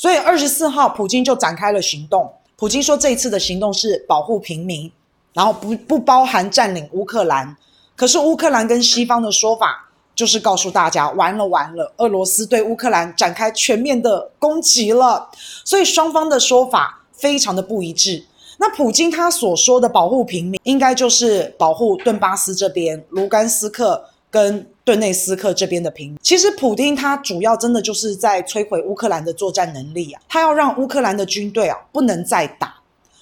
所以二十四號，普京就展開了行動。普京說，這一次的行動是保護平民，然後不不包含占領烏克蘭。可是烏克蘭跟西方的說法就是告訴大家，完了完了，俄羅斯對烏克蘭展開全面的攻擊了。所以雙方的說法非常的不一致。那普京他所說的保護平民，應該就是保護頓巴斯這邊、盧甘斯克跟頓內斯克這邊的平民，其實普丁，他主要真的就是在摧毀烏克蘭的作戰能力啊，他要讓烏克蘭的軍隊啊不能再打，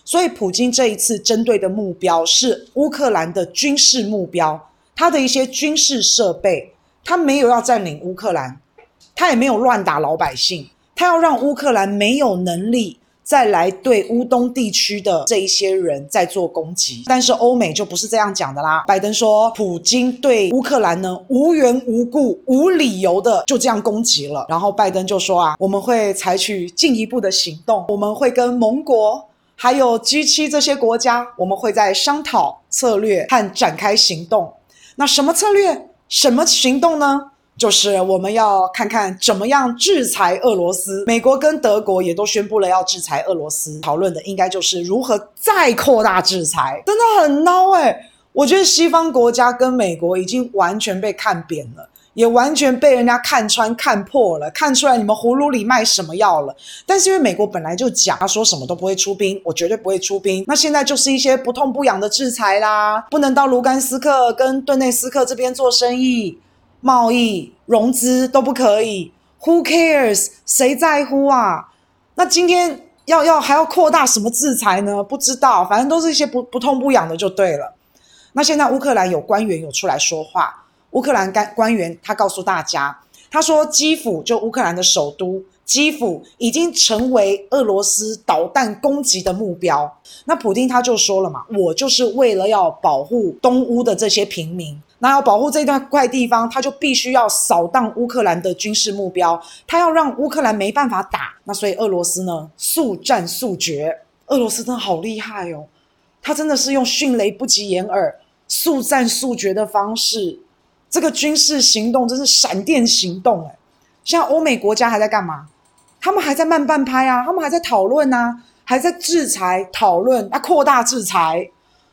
所以普京這一次針對的目標是烏克蘭的軍事目標，他的一些軍事設備，他沒有要占領烏克蘭，他也沒有亂打老百姓，他要讓烏克蘭沒有能力。再來對烏東地區的這一些人在做攻擊，但是歐美就不是這樣講的啦。拜登說，普京對烏克蘭呢無緣無故、無理由的就這樣攻擊了，然後拜登就說啊，我們會採取進一步的行動，我們會跟盟國還有 G7 這些國家，我們會再商討策略和展開行動。那什麼策略，什麼行動呢？就是我們要看看怎麼樣制裁俄羅斯。美國跟德國也都宣布了要制裁俄羅斯，討論的應該就是如何再擴大制裁。真的很孬哎！我覺得西方國家跟美國已經完全被看扁了，也完全被人家看穿、看破了，看出來你們葫蘆裡賣什麼藥了。但是因為美國本來就講他說什麼都不會出兵，我絕對不會出兵。那現在就是一些不痛不癢的制裁啦，不能到盧甘斯克跟頓內斯克這邊做生意。貿易融資都不可以，Who cares？誰在乎啊？那今天要要還要擴大什麼制裁呢？不知道，反正都是一些不不痛不癢的就對了。那現在烏克蘭有官員有出來說話，烏克蘭干官員他告訴大家，他說基輔就烏克蘭的首都，基輔已經成為俄羅斯導彈攻擊的目標。那普丁他就說了嘛，我就是為了要保護東烏的這些平民。那要保護這段怪地方，他就必須要掃蕩烏克蘭的軍事目標，他要讓烏克蘭沒辦法打。那所以俄羅斯呢，速戰速決。俄羅斯真的好厲害哦，他真的是用迅雷不及掩耳、速戰速決的方式，這個軍事行動真是閃電行動哎、欸！像歐美國家還在幹嘛？他們還在慢半拍啊，他們還在討論啊，還在制裁討論啊，擴大制裁。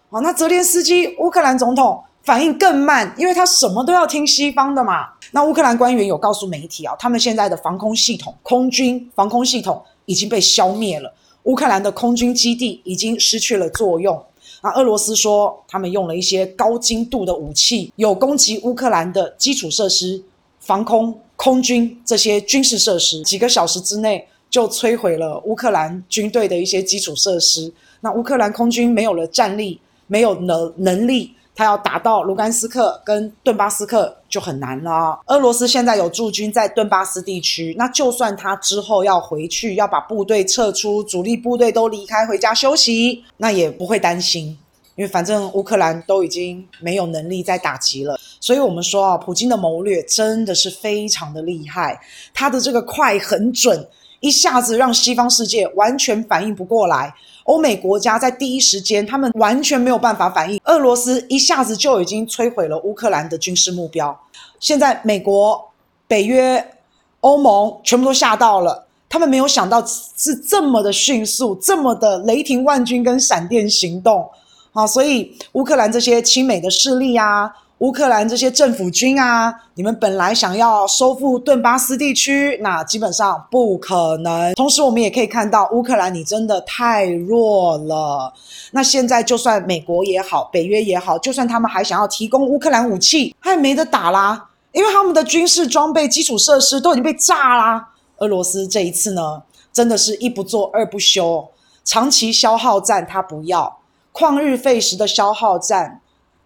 好，那澤連斯基，烏克蘭總統，反應更慢，因為他什麼都要聽西方的嘛。那烏克蘭官員有告訴媒體啊，他們現在的防空系統、空軍防空系統已經被消滅了，烏克蘭的空軍基地已經失去了作用。那俄羅斯說他們用了一些高精度的武器，有攻擊烏克蘭的基礎設施、防空、空軍這些軍事設施，幾個小時之內就摧毀了烏克蘭軍隊的一些基礎設施。那烏克蘭空軍沒有了戰力，沒有能，能力。他要打到盧甘斯克跟頓巴斯克就很難了。俄羅斯現在有駐軍在頓巴斯地區，那就算他之後要回去，要把部隊撤出，主力部隊都離開回家休息，那也不會擔心，因為反正烏克蘭都已經沒有能力再打擊了。所以我們說啊，普京的謀略真的是非常的厲害，他的這個快狠準。一下子讓西方世界完全反應不過來，歐美國家在第一時間，他們完全沒有辦法反應。俄羅斯一下子就已經摧毀了烏克蘭的軍事目標，現在美國、北約、歐盟全部都嚇到了，他們沒有想到是這麼的迅速，這麼的雷霆萬鈞跟閃電行動，啊，所以烏克蘭這些親美的勢力啊。烏克蘭這些政府軍啊，你們本來想要收復頓巴斯地區，那基本上不可能。同時，我們也可以看到，烏克蘭你真的太弱了。那現在就算美國也好，北約也好，就算他們還想要提供烏克蘭武器，他也沒得打啦，因為他們的軍事裝備、基礎設施都已經被炸啦。俄羅斯這一次呢，真的是一不做二不休，長期消耗戰他不要，曠日費時的消耗戰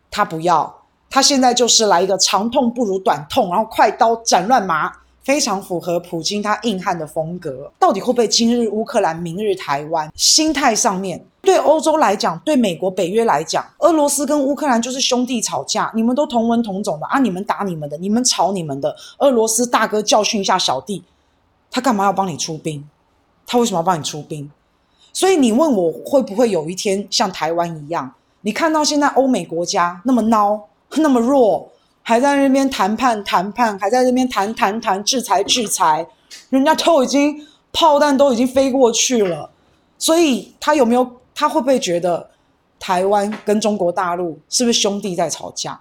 他不要。他現在就是來一個長痛不如短痛，然後快刀斬亂麻，非常符合普京他硬漢的風格。到底會不會今日烏克蘭，明日台灣？心態上面，對歐洲來講，對美國、北約來講，俄羅斯跟烏克蘭就是兄弟吵架，你們都同文同種的啊，你們打你們的，你們吵你們的。俄羅斯大哥教訓一下小弟，他幹嘛要幫你出兵？他為什麼要幫你出兵？所以你問我會不會有一天像台灣一樣？你看到現在歐美國家那麼孬。那麼弱，還在那邊談判談判，還在那邊談談談制裁制裁，人家都已經炮彈都已經飛過去了，所以他有沒有？他會不會覺得台灣跟中國大陸是不是兄弟在吵架？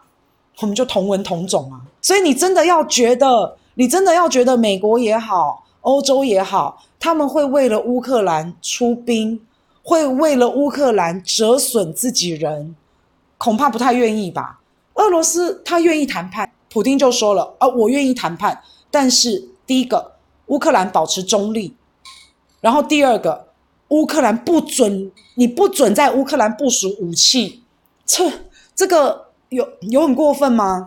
我們就同文同種啊！所以你真的要覺得，你真的要覺得，美國也好，歐洲也好，他們會為了烏克蘭出兵，會為了烏克蘭折損自己人，恐怕不太願意吧？俄羅斯他願意談判，普京就說了啊，我願意談判，但是第一個，烏克蘭保持中立，然後第二個，烏克蘭不准，你不准在烏克蘭部署武器，這這個有有很過分嗎？